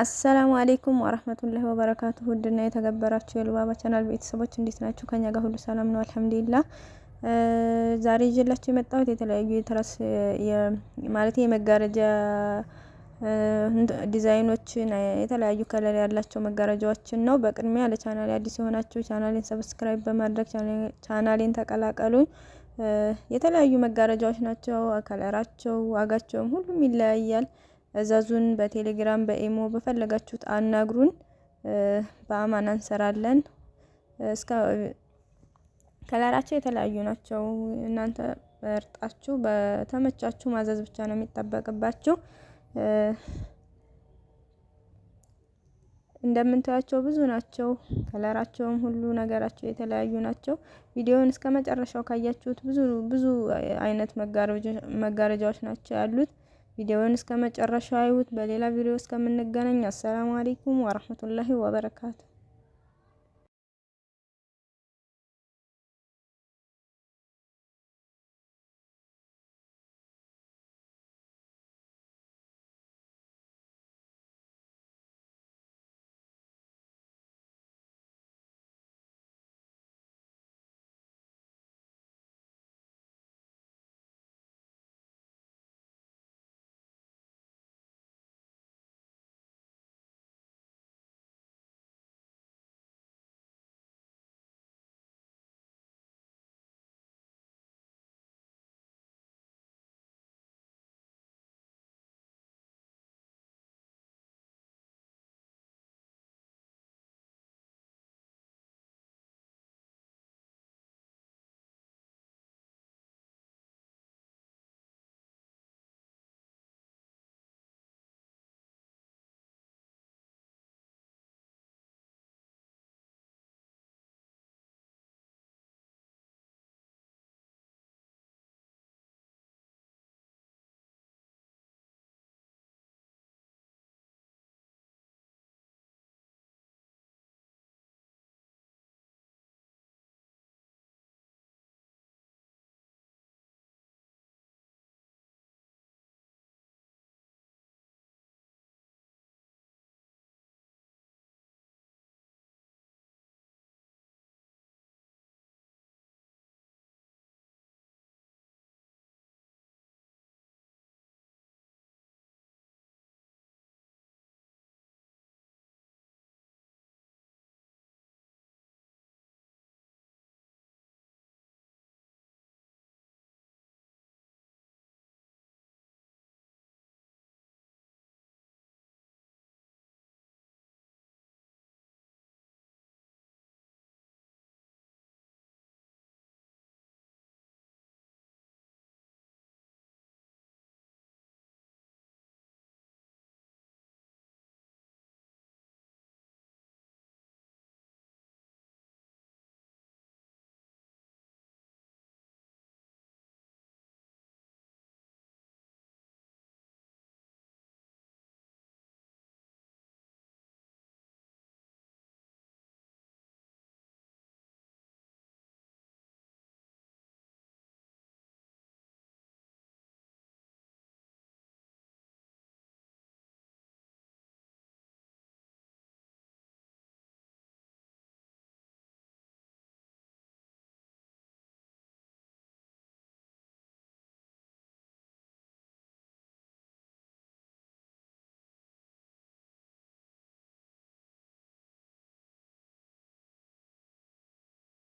አሰላሙ አሌይኩም ወረህመቱላሂ ወበረካቱ ውድና የተገበራችሁ የልባባ ቻናል ቤተሰቦች እንዴት ናችሁ? ከኛ ጋር ሁሉ ሰላም ነው አልሐምዱሊላህ። ዛሬ ይዤላችሁ የመጣሁት የተለያዩ የትራስ ማለት የመጋረጃ ዲዛይኖችን የተለያዩ ከለር ያላቸው መጋረጃዎችን ነው። በቅድሚያ ለቻናሌ አዲስ የሆናችሁ ቻናሌን ሰብስክራይብ በማድረግ ቻናሌን ተቀላቀሉኝ። የተለያዩ መጋረጃዎች ናቸው። ከለራቸው፣ ዋጋቸውም ሁሉም ይለያያል። እዘዙን። በቴሌግራም በኤሞ በፈለጋችሁት አናግሩን። በአማና እንሰራለን። እስከ ከለራቸው የተለያዩ ናቸው። እናንተ መርጣችሁ በተመቻችሁ ማዘዝ ብቻ ነው የሚጠበቅባችሁ። እንደምንታያቸው ብዙ ናቸው። ከለራቸውም ሁሉ ነገራቸው የተለያዩ ናቸው። ቪዲዮውን እስከ መጨረሻው ካያችሁት ብዙ ብዙ አይነት መጋረጃዎች ናቸው ያሉት። ቪዲዮውን እስከ መጨረሻው አይሁት። በሌላ ቪዲዮ እስከምንገናኝ አሰላሙ አለይኩም ወራህመቱላሂ ወበረካቱ።